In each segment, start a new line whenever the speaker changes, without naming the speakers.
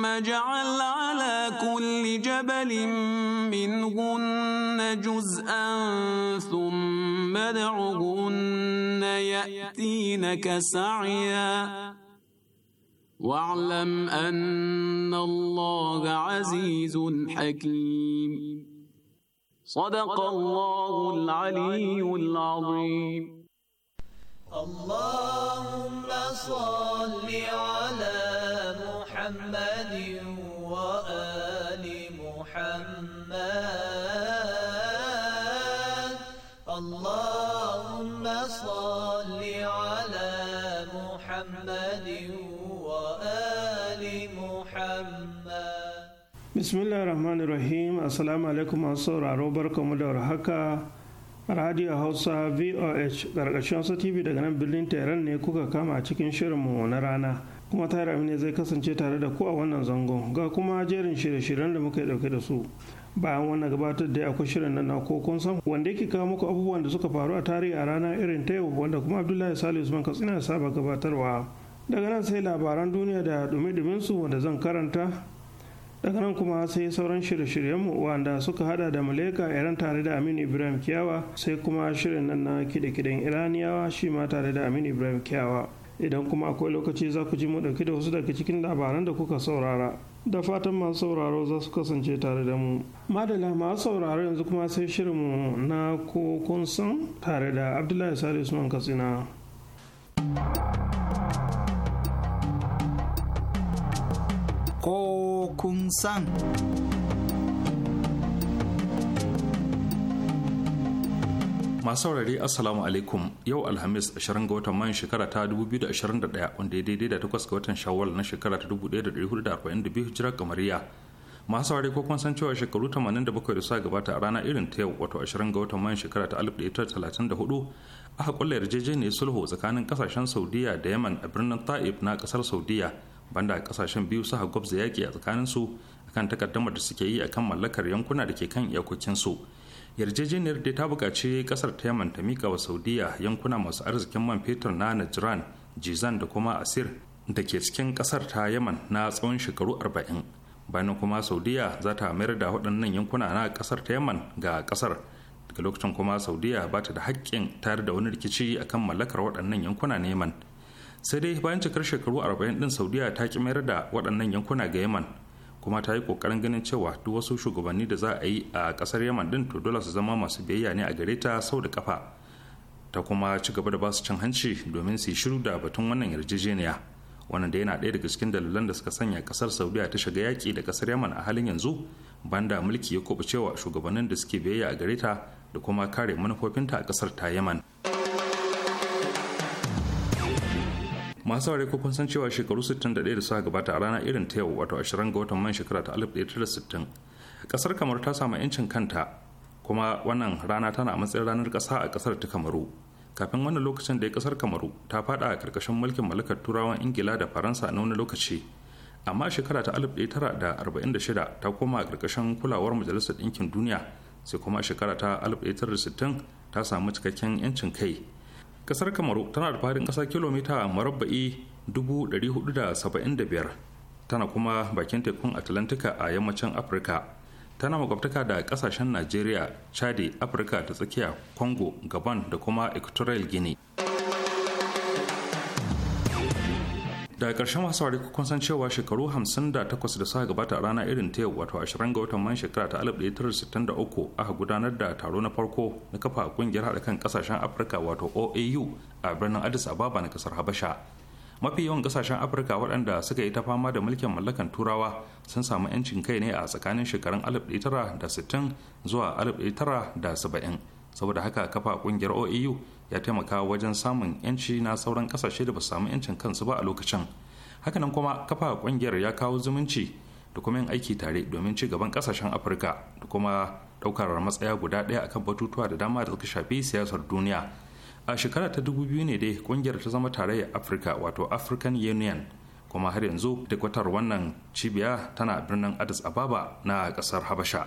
ثم اجعل على كل جبل منهن جزءا ثم ادعهن يأتينك سعيا واعلم أن الله عزيز حكيم صدق الله العلي العظيم
اللهم صل على محمد محمد وآل محمد اللهم صل على محمد وآل محمد
bismillah rahmanir rahim assalamu alaikum masu sauraro barkamu da warhaka radio hausa voh karkashin wasu tv daga nan birnin tehran ne kuka kama a cikin shirinmu na rana kuma tara ne zai kasance tare da ku a wannan zangon ga kuma jerin shirye-shiryen da muka yi dauke da su bayan wannan gabatar da akwai shirin nan ko kun san wanda yake kawo muku abubuwan da suka faru a tarihi a rana irin ta yau wanda kuma abdullahi salisu usman katsina ya saba gabatarwa daga nan sai labaran duniya da dumi su wanda zan karanta daga nan kuma sai sauran shirye-shiryenmu wanda suka hada da malaika iran tare da aminu ibrahim kiyawa sai kuma shirin nan na kide-kiden iraniyawa shi ma tare da aminu ibrahim kiyawa idan kuma akwai lokaci za ku ji mu ɗauki da wasu daga cikin labaran da kuka saurara da fatan masu sauraro za su kasance tare da mu madala masu sauraro yanzu kuma sai shirinmu na kun san tare da abdullahi sari usman katsina
ko kun san
masu saurare assalamu alaikum yau alhamis 20 ga watan mayun shekara ta 2021 wanda ya daidai da takwas ga watan shawwal na shekara ta 1442 hijirar kamariya masu saurare ko san cewa shekaru 87 da suka gabata a rana irin ta yau wato 20 ga watan mayun shekara ta 1934 aka kulla yarjejeniyar sulhu tsakanin kasashen saudiya da yaman a birnin ta'ib na kasar saudiya banda kasashen biyu suka gwabza yaki a tsakaninsu akan takaddamar da suke yi akan mallakar yankuna da ke kan iyakokinsu su yarjejeniyar da ta buƙaci ƙasar ta yaman ta mika wa saudiya yankuna masu arzikin man fetur na najran jizan da kuma asir da ke cikin ƙasar ta yaman na tsawon shekaru arba'in bayan kuma saudiya za ta mayar da waɗannan yankuna na ƙasar ta yaman ga ƙasar daga lokacin kuma saudiya ba ta da haƙƙin tare da wani rikici akan mallakar waɗannan yankuna na yaman sai dai bayan cikar shekaru arba'in ɗin saudiya ta ki mayar da waɗannan yankuna ga yaman kuma ta yi kokarin ganin cewa duk wasu shugabanni da za a yi a kasar yaman din to dole su zama masu biyayya ne a gare ta sau da kafa ta kuma ci gaba da ba su cin hanci domin su yi shiru da batun wannan yarjejeniya wannan da yana ɗaya daga cikin dalilan da suka sanya kasar saudiya ta shiga yaƙi da kasar yaman a halin yanzu banda mulki ya kubucewa shugabannin da suke biyayya a gare ta da kuma kare manufofinta a kasar ta yaman. masu saurari ko kun san cewa shekaru 61 da suka gabata a rana irin ta yau wato 20 ga watan man shekara ta 1960 kasar kamar ta samu yancin kanta kuma wannan rana tana a matsayin ranar kasa a kasar ta kamaru kafin wannan lokacin da ya kasar kamaru ta fada a karkashin mulkin mallakar turawan ingila da faransa na wani lokaci amma shekara ta 1946 ta koma a karkashin kulawar majalisar ɗinkin duniya sai kuma shekara ta 1960 ta samu cikakken yancin kai kasar kamaru tana da faɗin ƙasa kilomita marabba'i 475 tana kuma bakin tekun atlantika a yammacin afirka tana makwabtaka da kasashen najeriya chadi afirka ta tsakiya congo gabon da kuma equatorial guinea daga ƙarshen masu wari kun san cewa shekaru 58 da suka gabata a rana irin ta yau wato 20 ga watan man shekara ta 1963 aka gudanar da taro na farko na kafa kungiyar haɗa kan ƙasashen afirka wato oau a birnin addis ababa na ƙasar habasha mafi yawan ƙasashen afirka waɗanda suka yi ta fama da mulkin mallakan turawa sun samu 'yancin kai ne a tsakanin shekarun 1960 zuwa 1970 saboda haka kafa kungiyar oau ya taimaka wajen samun yanci na sauran kasashe da ba samu yancin kansu ba a lokacin hakanan kuma kafa kungiyar ya kawo zumunci da kuma yin aiki tare domin ci gaban kasashen afirka da kuma daukar matsaya guda ɗaya akan batutuwa da dama da suka shafi siyasar duniya a shekara ta dubu biyu ne dai kungiyar ta zama tarayyar afirka wato african union kuma har yanzu duk wannan cibiya tana birnin addis ababa na kasar habasha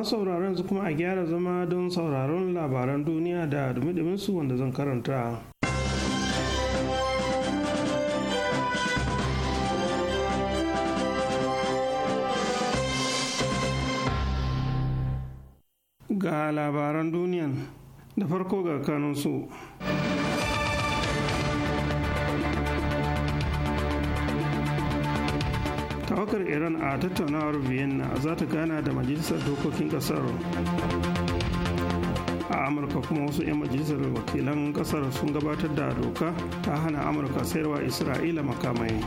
an sauraron su kuma a gyara zama don sauraron labaran duniya da dumi su wanda zan karanta. Ga labaran duniyan da farko ga kanunsu. su. Tawakar iran a tattaunawar vienna za ta gana da majalisar dokokin kasar a amurka kuma wasu 'yan majalisar wakilan kasar sun gabatar da doka ta hana amurka sayarwa isra'ila makamai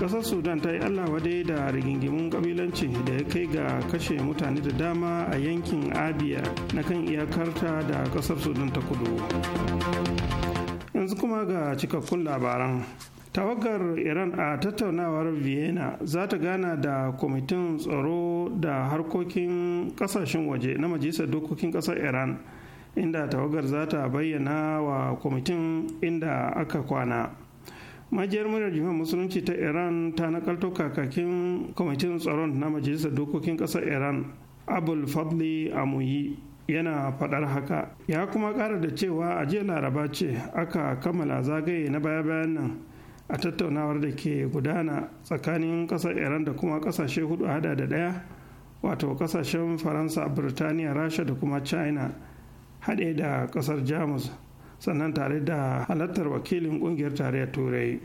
kasar sudan ta yi allawa wadai da rigingimun kabilanci da ya kai ga kashe mutane da dama a yankin abia na kan iyakarta da kasar sudan ta kudu yanzu kuma ga cikakkun labaran tawagar iran a tattaunawar vienna za ta gana da kwamitin tsaro da harkokin kasashen waje na majalisar dokokin kasar iran inda tawagar za ta bayyana wa kwamitin inda aka kwana majiyar murar jami'ar musulunci ta iran ta nakalto kakakin kwamitin tsaron na majalisar dokokin kasar iran abul fadli amuyi yana fadar haka ya kuma ƙara da cewa a jiya laraba ce aka kammala zagaye na baya-bayan nan a tattaunawar da ke gudana tsakanin ƙasar iran da kuma ƙasashe hudu hada da ɗaya wato ƙasashen faransa birtaniya rasha da kuma china haɗe da ƙasar jamus sannan tare da halartar wakilin ƙungiyar tarayyar turai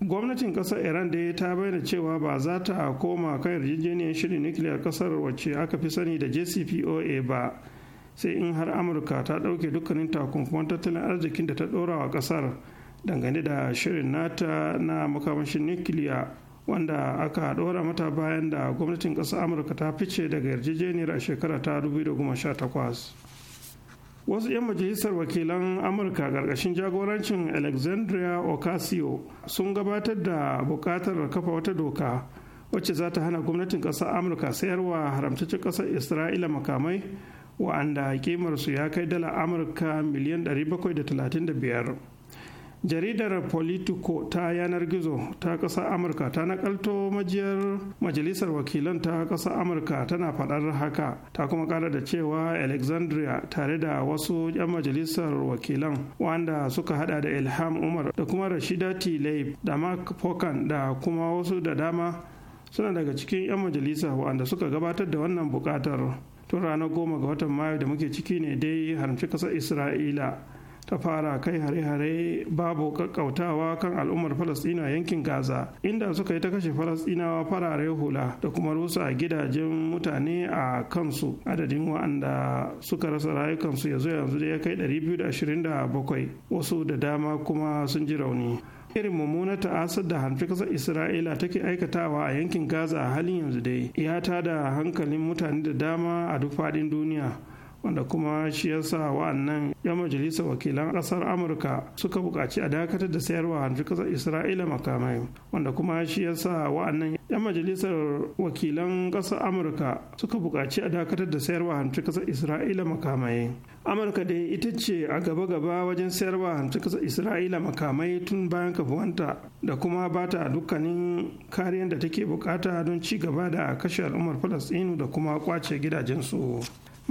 gwamnatin ƙasar iran da ta bayyana cewa ba za ta koma kan yarjejeniyar shirin nukiliyar kasar wacce aka fi sani da jcpoa ba sai in har amurka ta ɗauke dukkanin takunkuman tattalin arzikin da ta ɗora wa kasar. dangane da shirin nata na makamashin nukiliya wanda aka ɗora mata bayan da gwamnatin ƙasar amurka ta fice daga yarjejeniyar a shekara ta 2018 wasu 'yan majalisar wakilan amurka ƙarƙashin jagorancin alexandria ocasio sun gabatar da buƙatar kafa wata doka wacce za ta hana gwamnatin ƙasar amurka sayarwa haramtaccen ƙasar isra'ila makamai wa'anda kimarsu ya kai dala amurka miliyan 735 jaridar politico ta yanar gizo ta ƙasar amurka ta nakalto majiyar majalisar wakilan ta ƙasar amurka tana faɗar haka ta kuma ƙara da cewa alexandria tare da wasu 'yan majalisar wakilan wanda suka hada da ilham umar da kuma rashida tlaib da mark pokan da kuma wasu da dama suna daga cikin 'yan majalisa wanda suka gabatar da wannan buƙatar tun ranar goma ga watan mayu da muke ciki ne dai haramci ƙasar isra'ila ta fara kai hare-hare babu kakkautawa kan al'ummar falasɗina yankin gaza inda suka yi ta kashe falasɗinawa farare hula da kuma rusa gidajen mutane a kansu adadin wa'anda suka rasa rayukansu ya zo yanzu da ya kai 227 wasu da dama kuma sun ji rauni irin mummunar ta'asar da hanfi kasar isra'ila take aikatawa a yankin gaza a halin yanzu dai ya tada hankalin mutane da dama a duk faɗin duniya wanda kuma shi sa wa'annan 'yan majalisar wakilan ƙasar amurka suka buƙaci a dakatar da sayarwa hanzu ƙasar isra'ila makamai wanda kuma shi sa wa'annan 'yan majalisar wakilan ƙasar amurka suka buƙaci a dakatar da sayarwa hanzu ƙasar isra'ila makamai amurka dai ita ce a gaba-gaba wajen sayarwa hanzu ƙasar isra'ila makamai tun bayan kafuwanta da kuma ba ta dukkanin kariyar da take bukata don ci gaba da kashe al'ummar falastinu da kuma kwace gidajensu.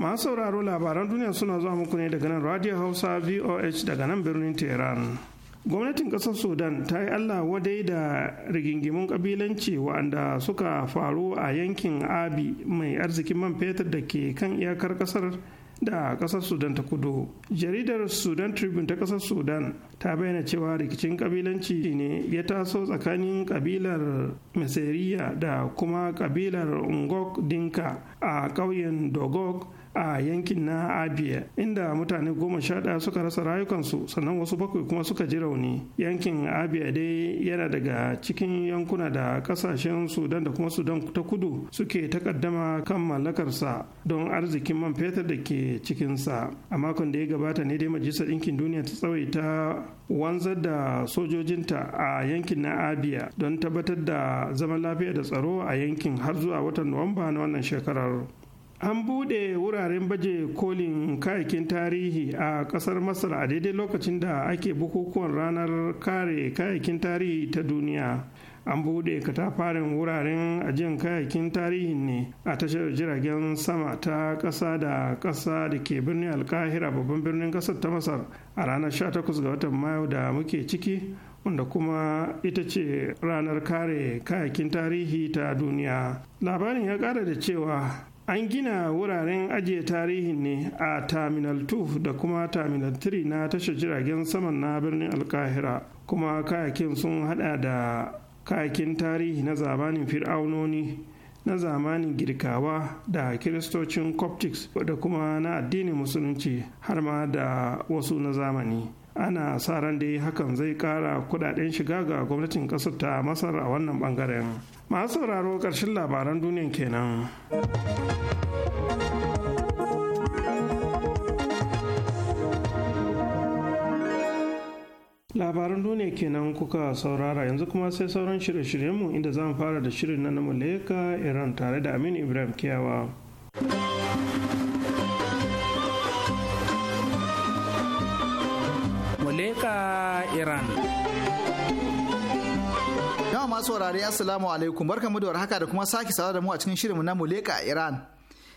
masu sauraro labaran duniya suna zuwa muku ne daga nan radio hausa voh daga nan birnin tehran gwamnatin kasar sudan ta yi allah wadai da rigingimun kabilanci waɗanda suka faru a yankin abi mai arzikin man fetur da ke kan iyakar kasar da kasar sudan ta kudu jaridar sudan tribune ta kasar sudan ta bayyana cewa rikicin kabilanci ne ya taso tsakanin kabilar maseriya da kuma kabilar Ngok dinka a ƙauyen dogog a yankin na abia inda mutane goma sha ɗaya suka rasa rayukansu sannan wasu bakwai kuma suka ji rauni yankin abia dai yana daga cikin yankuna da ƙasashen sudan da kuma sudan ta kudu suke takaddama kan mallakarsa don arzikin man fetur da ke cikinsa a makon da ya gabata ne dai majalisar ɗinkin duniya ta tsawaita wanzar da sojojinta a yankin na abia don tabbatar da zaman lafiya da tsaro a yankin har zuwa watan nuwamba na wannan shekarar an bude wuraren baje kolin kayakin tarihi a kasar masar a daidai lokacin da ake bukukuwan ranar kare kayakin tarihi ta duniya an bude katafarin wuraren ajiyar kayakin tarihi ne a tashar jiragen sama ta ƙasa da ƙasa da ke birnin alkahira babban birnin ƙasar ta masar a ranar 18 ga watan mayu da muke ciki wanda kuma ita ce ranar kare kayakin tarihi ta duniya labarin ya ƙara da cewa an gina wuraren ajiye tarihin ne a terminal 2 da kuma terminal 3 na tashar jiragen saman na birnin alkahira kuma kayakin sun hada da kayakin tarihi na zamanin fir'aunoni na zamanin girkawa da kiristocin coptics da kuma na addinin musulunci har ma da wasu na zamani ana sa ran dai hakan zai kara kudaden shiga ga gwamnatin kasar ta masar a wannan bangaren masu sauraro karshen labaran duniyan kenan labaran duniya kenan kuka saurara yanzu kuma sai sauran shirye-shiryenmu inda zamu fara da shirin na muleka iran tare da aminu ibrahim kiyawa
Iran.
Yawan masu wurare Assalamu alaikum barkamu da warhaka da kuma sake sawa da mu a cikin shirinmu na Muleka Iran.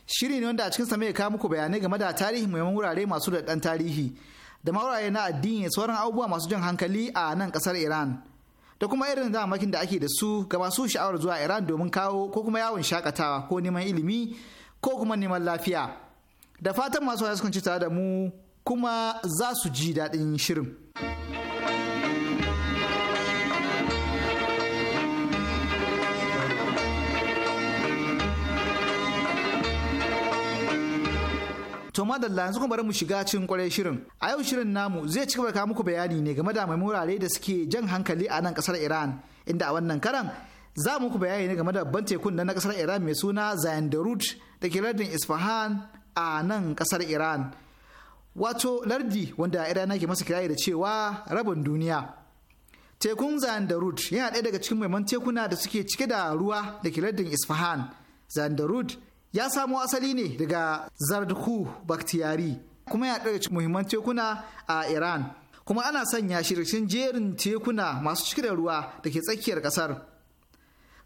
Shiri ne wanda a cikin sama ya kawo muku bayanai game da tarihi mai wurare masu da ɗan tarihi da maurare na addini sauran abubuwa masu jan hankali a nan kasar Iran. Da kuma irin damakin da ake da su ga masu sha'awar zuwa Iran domin kawo ko kuma yawon shakatawa ko neman ilimi ko kuma neman lafiya. Da fatan masu wasu kun ci tare da mu kuma za su ji daɗin shirin. To madalla yanzu kuma bari mu shiga cikin kwarai shirin. A yau shirin namu zai cika kawo muku bayani ne game da maimurare da suke jan hankali a nan kasar Iran inda a wannan karan za mu ku bayani ne game da babban tekun na kasar Iran mai suna Zayan Darut da ke lardin Isfahan a nan kasar Iran. Wato lardi wanda Iran ke masa kirayi da cewa rabin duniya. Tekun Zayan Darut yana ɗaya daga cikin maiman tekuna da suke cike da ruwa da ke lardin Isfahan. Zayan Darut ya samo asali ne daga zardhu baktiyari kuma ya daga muhimman tekuna a iran kuma ana sanya shi jerin tekuna masu cike da ruwa da ke tsakiyar kasar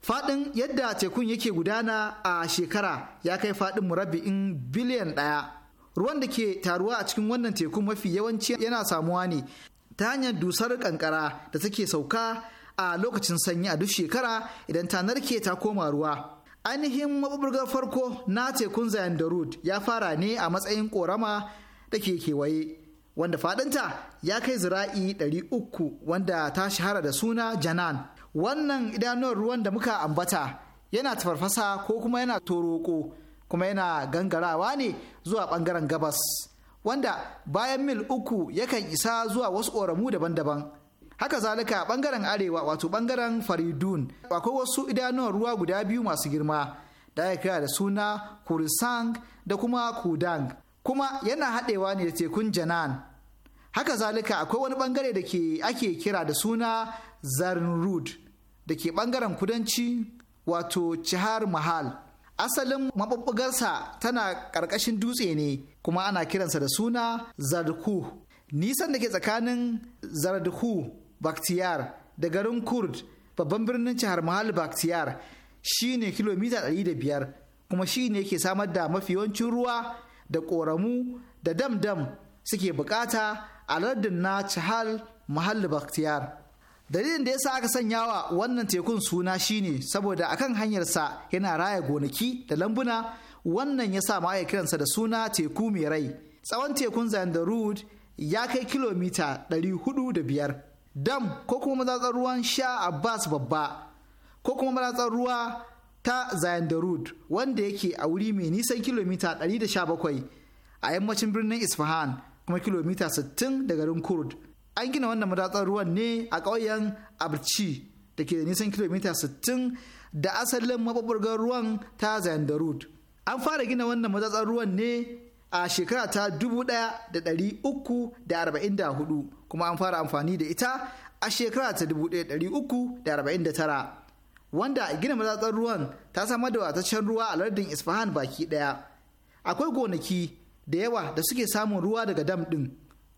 faɗin yadda tekun yake gudana a shekara ya kai faɗin murabbi'in biliyan ɗaya ruwan da ke taruwa a cikin wannan tekun mafi yawanci yana samuwa ne ta hanyar dusar kankara da take sauka a lokacin sanyi a duk shekara idan ta narke ta koma ruwa ainihin maɓuɓɓugar farko na tekun zayan rud ya fara ne a matsayin ƙorama da ke kewaye wanda faɗinta ya kai zira'i 300 wanda ta shahara da suna janan wannan idanuwar ruwan da muka ambata yana tafarfasa ko kuma yana toroko kuma yana gangarawa ne zuwa ɓangaren gabas wanda bayan mil uku yakan isa zuwa wasu ƙoramu daban-daban haka zalika bangaren arewa wato bangaren faridun akwai wasu idanuwan ruwa guda biyu masu girma da aka kira da suna kurisang da kuma kudang kuma yana haɗewa ne da tekun janan haka zalika akwai wani bangare da ake kira da suna zarnrud da ke bangaren kudanci wato cihar mahal asalin mabubbugarsa tana ƙarƙashin dutse ne kuma ana kiransa da suna zarku nisan da ke tsakanin zarduku baktiyar da garin kurd babban birnin jihar mahal baktiyar shine kilomita 500 kuma shine yake samar da mafi yawancin ruwa da ƙoramu da dam-dam suke bukata a lardin na Chahal Mahal baktiyar. Dalilin da ya sa aka sanya wa wannan tekun suna shine saboda akan hanyarsa yana raya gonaki da lambuna wannan ya sa ma kiransa da suna teku mai rai. Tsawon tekun Zandarud ya kai kilomita 405 dam ko kuma madatsar ruwan sha abbas babba ko kuma madatsar ruwa ta zayandarud wanda yake a wuri mai nisan kilomita 117 a yammacin birnin isfahan kuma kilomita 60 da garin kurd an gina wannan madatsar ruwan ne a ƙauyen abci da ke da nisan kilomita 60 da asalin maɓaɓɓurgar ruwan ta Rud an fara gina wannan madatsar ruwan ne a shekara ta 1344 kuma an fara amfani da ita a shekara ta 1349 wanda gina matsatsar ruwan ta samar da wataccen ruwa a lardin isfahan baki daya akwai gonaki da yawa da suke samun ruwa daga dam din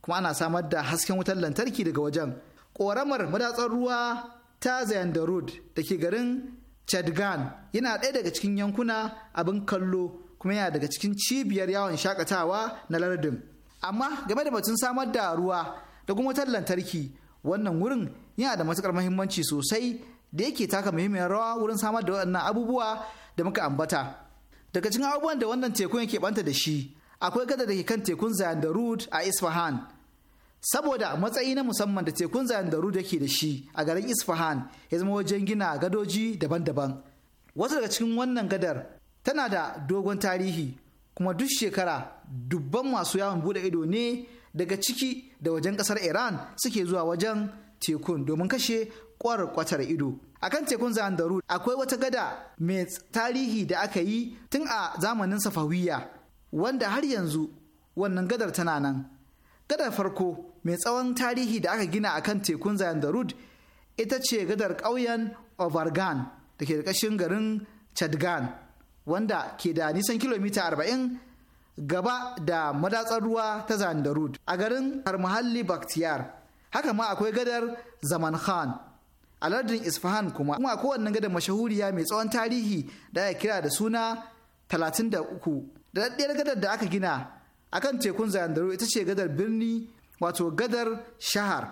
kuma ana samar da hasken wutar lantarki daga wajen ƙoramar madatsar ruwa ta Road da ke garin chadgan yana ɗaya daga cikin yankuna abin kallo kuma yana daga cikin cibiyar yawon shakatawa na lardin amma game da batun samar da ruwa da kuma wutar lantarki wannan wurin yana da matukar mahimmanci sosai da yake taka muhimmiyar rawa wurin samar da waɗannan abubuwa da muka ambata daga cikin abubuwan da wannan tekun yake banta da shi akwai gada da ke kan tekun da Rud a Isfahan. Saboda matsayi na musamman da tekun da Rud yake da shi a garin Isfahan ya zama wajen gina gadoji daban-daban. Wasu daga cikin wannan gadar tana da dogon tarihi kuma duk shekara dubban masu yawon bude ido ne daga ciki da wajen kasar iran suke zuwa wajen tekun domin kashe kwatar ido a kan tekun zandaru akwai wata gada mai tarihi da aka yi tun a zamanin safawiya wanda har yanzu wannan gadar tana nan gadar farko mai tsawon tarihi da aka gina akan tekun Rud ita ce gadar ƙauyen ovargan da ke da ƙashin garin chadgan wanda ke da nisan kilomita 40 gaba da madatsar ruwa ta zandarud a garin harmahalli baktiyar haka ma akwai gadar zaman khan a lardin isfahan kuma kuma kowanne gadar mashahuriya mai tsawon tarihi da aka kira da suna 33 da daddiyar gadar da aka gina akan tekun zandarud ita ce gadar birni wato gadar shahar.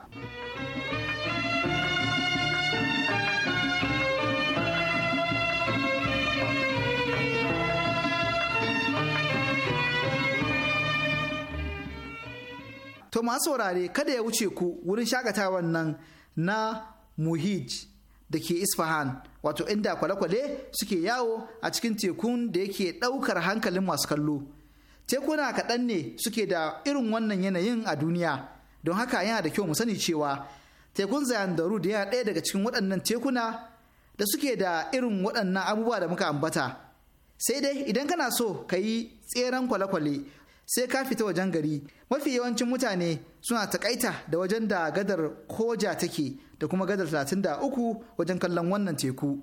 To masu saurare kada ya wuce ku wurin shakatawan nan na Muhij da ke Isfahan wato inda kwale-kwale suke yawo a cikin tekun da yake ɗaukar hankalin masu kallo. Tekuna kaɗan ne suke da irin wannan yanayin a duniya don haka yana da kyau mu sani cewa tekun Zayan Darud yana ɗaya daga cikin waɗannan tekuna da suke da irin waɗannan abubuwa da muka ambata. Sai dai idan kana so ka yi tseren kwale-kwale sai ka fita wajen gari mafi yawancin mutane suna takaita da wajen da gadar koja take da kuma gadar 33 wajen kallon wannan teku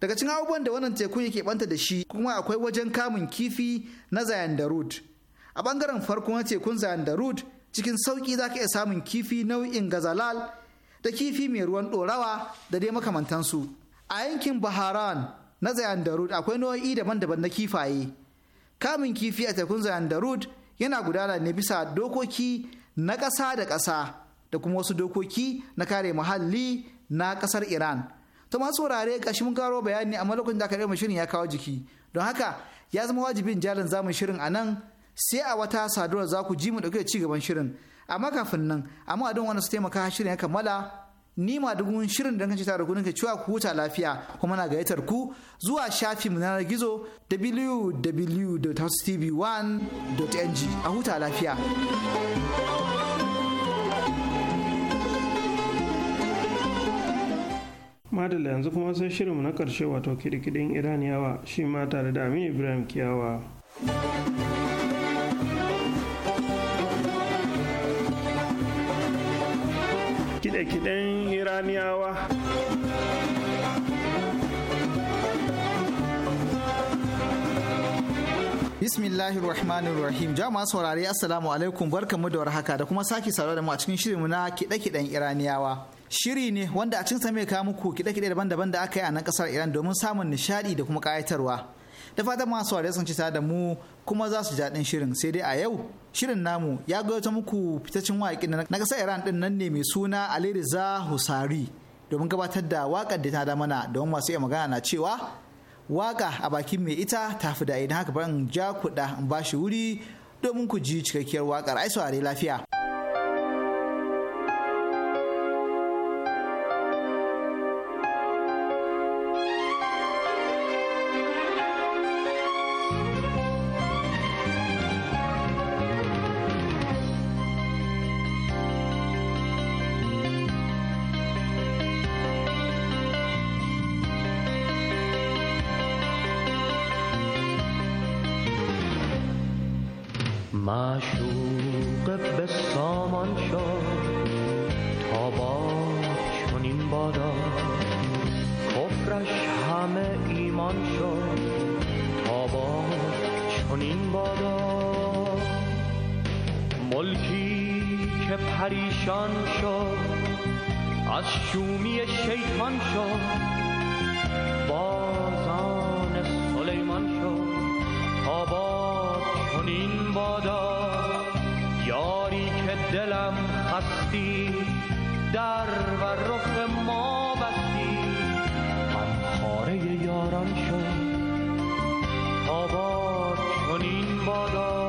daga cikin abubuwan da wannan teku yake banta da shi kuma akwai wajen kamun kifi na zayan da a bangaren farko na tekun zayan da cikin sauki za ka iya samun kifi nau'in gazalal da kifi mai ruwan ɗorawa da dai makamantansu a yankin baharan na zayan da akwai nau'o'i daban-daban na kifaye kamun kifi a tekun zayan da yana gudana ne bisa dokoki na ƙasa da ƙasa da kuma wasu dokoki na kare muhalli na ƙasar Iran. To masu saurare ƙashi mun karo bayani a lokacin da aka ɗaya shirin ya kawo jiki. Don haka ya zama wajibin jalin zamun shirin a nan sai a wata saduwar za ku ji mu ɗauke da ci gaban shirin. Amma kafin nan, amma don wani su taimaka shirin ya kammala ni ma madugun shirin da kanci tare kuɗin ka cewa ku huta lafiya kuma na gayyatar ku zuwa shafi mu na gizo wwwtv 1ng a huta lafiya.
madalla yanzu kuma sai shirinmu na karshe wato kidikidin iraniyawa shi ma tare da aminu ibrahim kiyawa kide-kiden iraniyawa
Bismillahir Rahmanir Rahim. Jama'a saurare Assalamu alaikum barkamu da warhaka da kuma sake saurare da mu a cikin shirinmu na kiɗe-kiɗen Iraniyawa. Shiri ne wanda a cikin sa mai kawo muku kiɗe-kiɗe daban-daban da aka yi a nan kasar Iran domin samun nishaɗi da kuma kayatarwa. da fatan masu wariya sun ci da mu kuma za su ji daɗin shirin sai dai a yau shirin namu ya gaito muku fitaccen waƙin na ƙasar iran ɗin nan ne mai suna aliriza husari domin gabatar da waƙar da ta da mana don masu iya magana na cewa waƙa a bakin mai ita ta fi da idan haka ban ja kuɗa in ba shi wuri domin ku ji cikakkiyar waƙar ai saurare lafiya.
معشوق به سامان شد تا با چنین بادا کفرش همه ایمان شد تا با چنین بادا ملکی که پریشان شد از شومی شیطان شد وقتی در و رخ ما بستی من خاره یاران شد آباد چنین بادا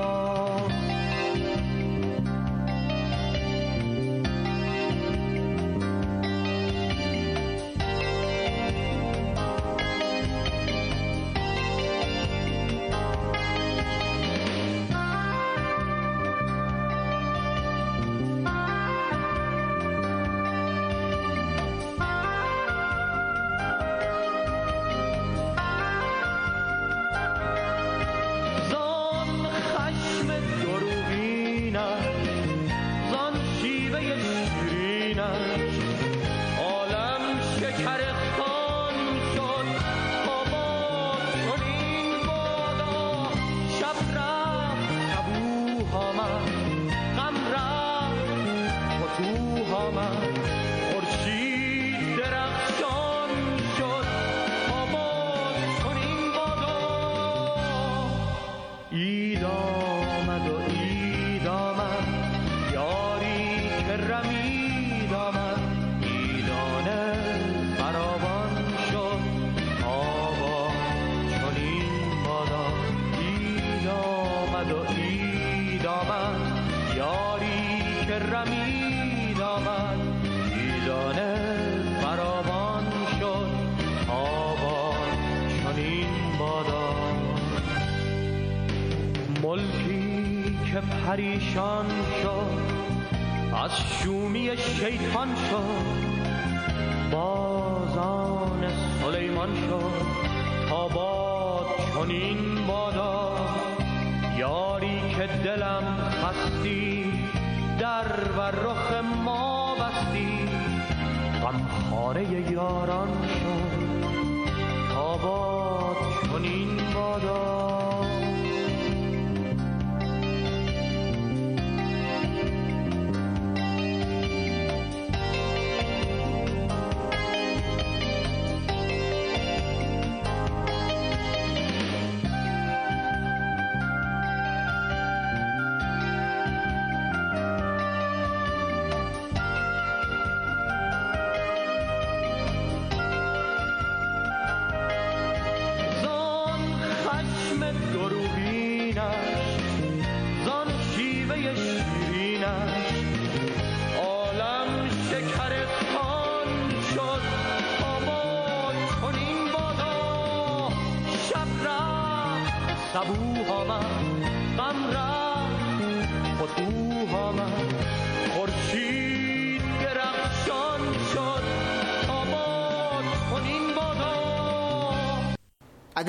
پریشان شد از شومی شیطان شد بازان سلیمان شد تا باد چنین بادا یاری که دلم خستی در و رخ ما بستی غمخاره یاران شد تا باد چنین بادا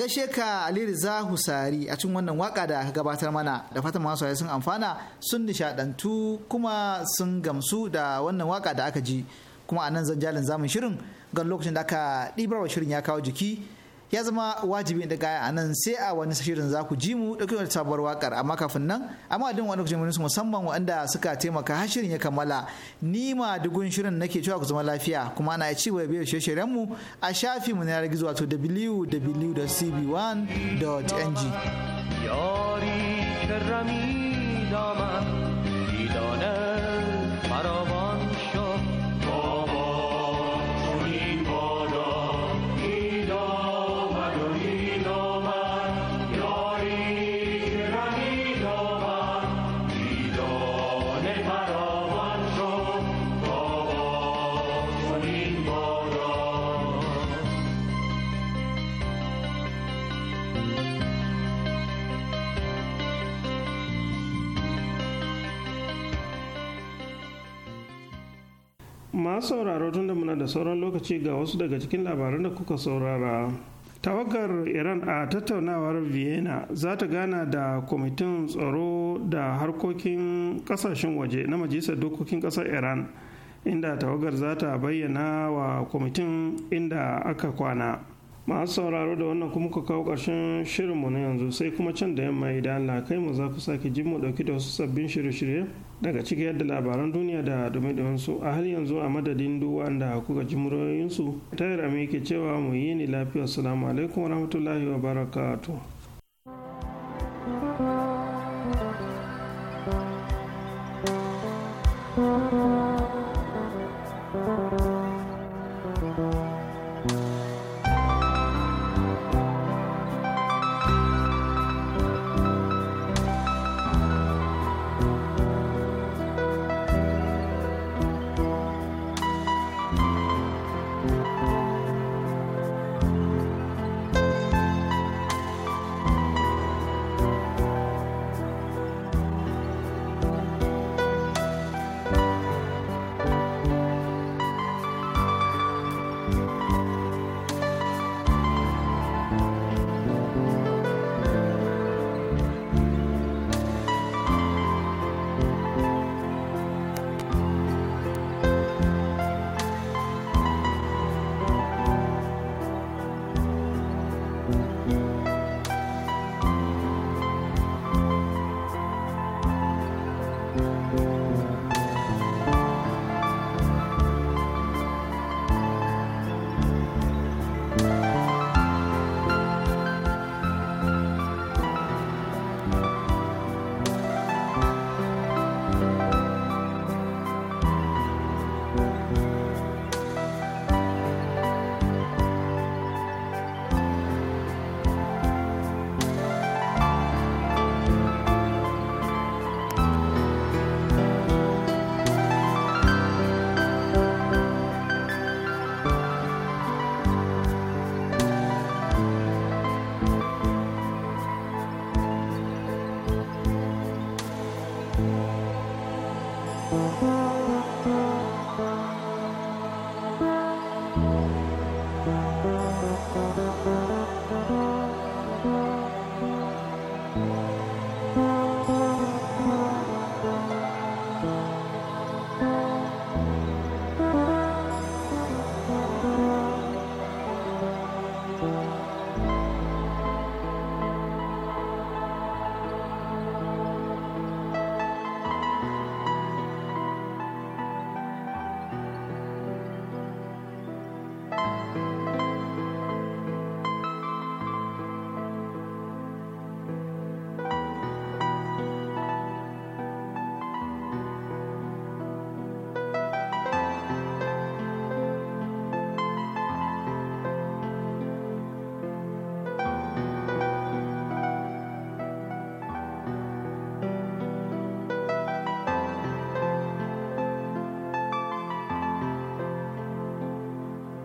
gaishe ka Ali Riza Husari a cikin wannan waka da gabatar mana da fatan masu sun amfana sun nishadantu kuma sun gamsu da wannan waka da aka ji kuma a nan zan jalin zamun shirin gan lokacin da aka wa shirin ya kawo jiki ya zama wajibi da gaya a nan sai a wani shirin za ku ji mu dauke wani sabuwar wakar amma kafin nan amma din wani kujin su musamman waɗanda suka taimaka ha shirin ya kammala ni ma dugun shirin nake cewa ku zama lafiya kuma ana ci gaba biyar shirye mu a shafi mu na yar gizo wato www.cb1.ng
yari
masu sauraro tun da muna da sauran lokaci ga wasu daga cikin labaran da kuka saurara tawagar iran a tattaunawar vienna za ta gana da kwamitin tsaro da harkokin kasashen waje na majalisar dokokin kasar iran inda tawagar za ta bayyana wa kwamitin inda aka kwana masu sauraro da wannan kuma ka kawo ƙarshen shirinmu na yanzu sai kuma can da yamma idan Allah kai mu za ku sake ji mu ɗauki da wasu sabbin shirye-shirye daga ciki yadda labaran duniya da dumi su a har yanzu a madadin duk wanda kuka ji muryoyinsu ta yi rami ke cewa mu yi ni lafiya salamu alaikum wa barakatu.